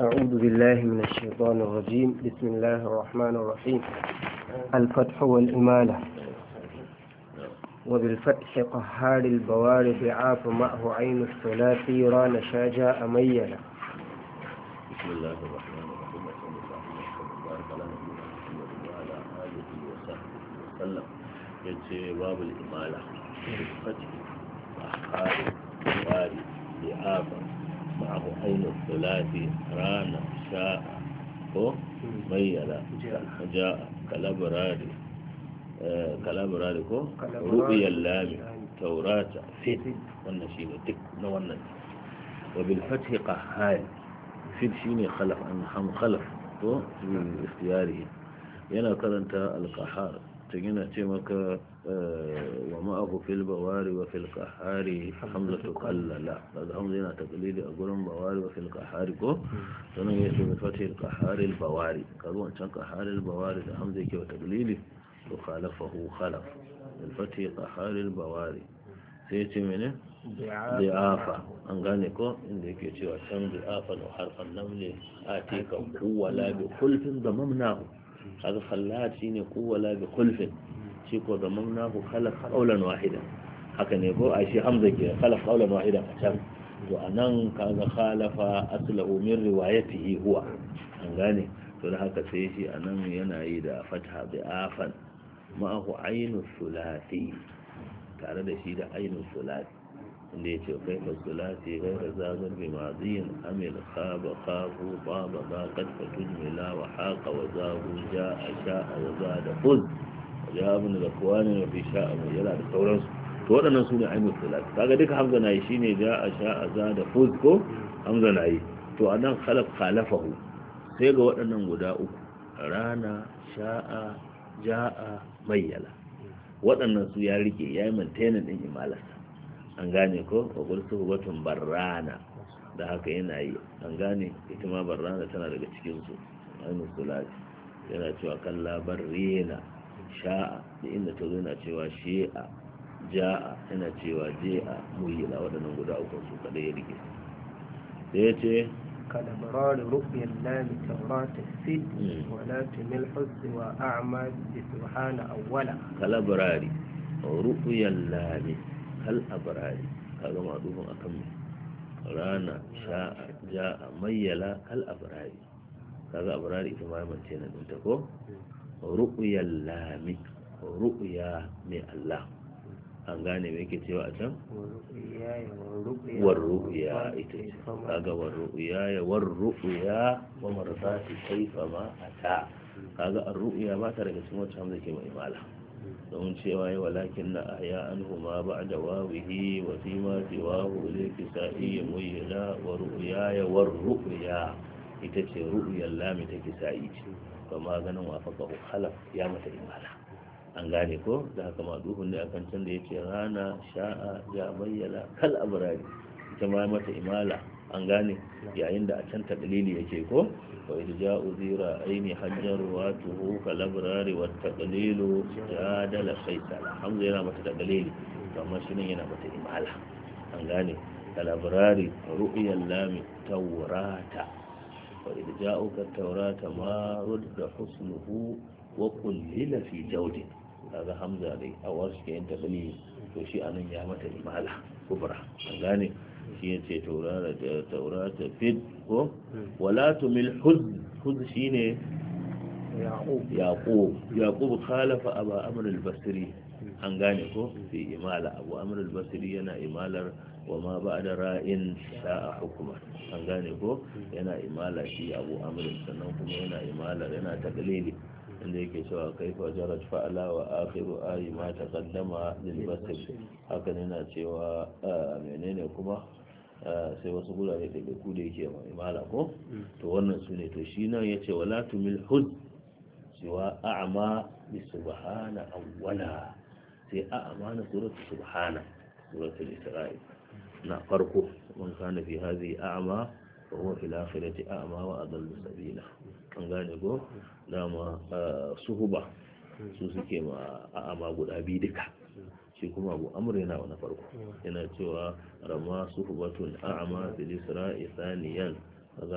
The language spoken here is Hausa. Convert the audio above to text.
أعوذ بالله من الشيطان الرجيم بسم الله الرحمن الرحيم الفتح والإمالة وبالفتح قهار البوارف عاف معه عين الثلاثي ران شاجا أميلا بسم الله الرحمن الرحيم وسلم يجي باب الإمالة بالفتح قهار البوارف عاف بعض حين الثلاثي رانا شاء ميلا جاء كالابرالي كالابرالي آه، كو رؤيا اللامي توراة فيد والنشيد تك نونت وبالفتح قهال فيد شيني خلف عن خلف تو من اختياره ينا قرنت القحار watan yana ce maka eh, wa ma'ahu fil bawari wa fil qahari hamza to kallala daga hamza yana taklidi a gurin bawari wa fil qahari ko sanan ya ce bi fatil qahari bawari kaga wancan qahari al bawari da hamza yake wa taklidi to khalafahu khalaf bil fatil qahari bawari sai ya ce mene bi'afa an gane ko inda yake cewa can bi'afa no harfan namle atika kuwa la bi kulfin da mamnahu kaga khallat shine quwwala bi khulfin shi ko zaman nahu khalaq qawlan wahida haka ne ko a shi hamza ke kala qawlan wahida a can to anan kaga khalafa aslahu min riwayatihi huwa an gane to da haka sai shi anan yana yi da fatha bi afan ma'ahu ainu sulati tare da shi da ainu sulati inda ya ce kai ka sulati kai ka zagar bi maziyin amil khaba khabu baba ba kad fatul mila wa haqa wa zagu ja a sha'a wa za da fuz ya abin da kowa ne mafi sha'a mai yana da sauransu to waɗannan su ne amil sulati kaga duka hamza na yi shine ja a sha'a za da fuz ko hamza na yi to a nan khalaf khalafahu sai ga waɗannan guda uku rana sha'a ja'a mayyala waɗannan su ya rike ya yi mantainan ɗin imalarsa an gane ko wakul suhubatun barrana da haka yana yi an gane ita ma barrana tana daga cikinsu ainihin sulati yana cewa labar rena sha'a da inda ta zo yana cewa shi'a ja'a yana cewa je'a muyila waɗannan guda uku su kada ya rike da ya ce kada barari lami taurata sid wala tumil hussi hmm. wa a'ma da subhana awwala kalabarari barari lami kal'abarari ka gama duhun a kanmu. rana sha'a ja'a mayyala kal'abarari ka ga abarari ita ma mace na ɗinta ko ru'uyar lami ru'uya mai Allah an gane mai ke cewa a can? War ru'uya ita ce kaga warru'uya ya warru'uya wa marasa su kaifa ma a ta kaga an ru'uya ba ta daga cikin wacce hamza ke mai mala don cewa yi walakin na a ya an huma ba da wawihi wa fima siwahu zai sa'i wa ru'ya ya ita ce ru'yar lami ta kisa'i ce ba maganin wafaka halaf ya mata imala an gane ko da haka ma duhun ne akan can da ya ce rana sha'a ya bayyana kal abrari ita ma mata imala an gane yayin da a can taƙalili yake ko wa irja uzira aini hajjar wato huka labrari wa taƙalilu jadala faisala hamza yana mata to amma shi nan yana mata imala an gane kalabrari ru'iyar lami taurata wa irja uka taurata ma rudda husnuhu wa kullila fi jaudi kaga hamza dai a wasu ke yin taƙalili to shi anan ya mata imala kubra an gane shi ya ce taura ta fit ko wala tumil huz huz shi ne yaƙub yaƙub khalafa abu amur al-basiri an gane ko fi imala abu amur al-basiri yana imalar wa ma ba da ra'in sa'a hukuma an gane ko yana imala shi abu amur sannan kuma yana imalar yana taglili inda yake cewa kaifa jarat fa'ala wa akhiru ayi ma taqaddama lil basir hakan yana cewa ah, menene kuma sai wasu gurare da ku da yake mala ko to wannan su ne to shi nan ya ce wala tumil hud cewa a'ma bi subhana awwala sai a'ma na suratu subhana suratul isra'i na farko man kana fi hadhihi a'ma fa huwa fil akhirati a'ma wa adallu sabila kan gane ko dama ah, suhuba su suke ma a'ama guda biyu duka shi kuma abu amur yana wani farko hmm. yana cewa rama hubatun a'ama bilisra isaniyan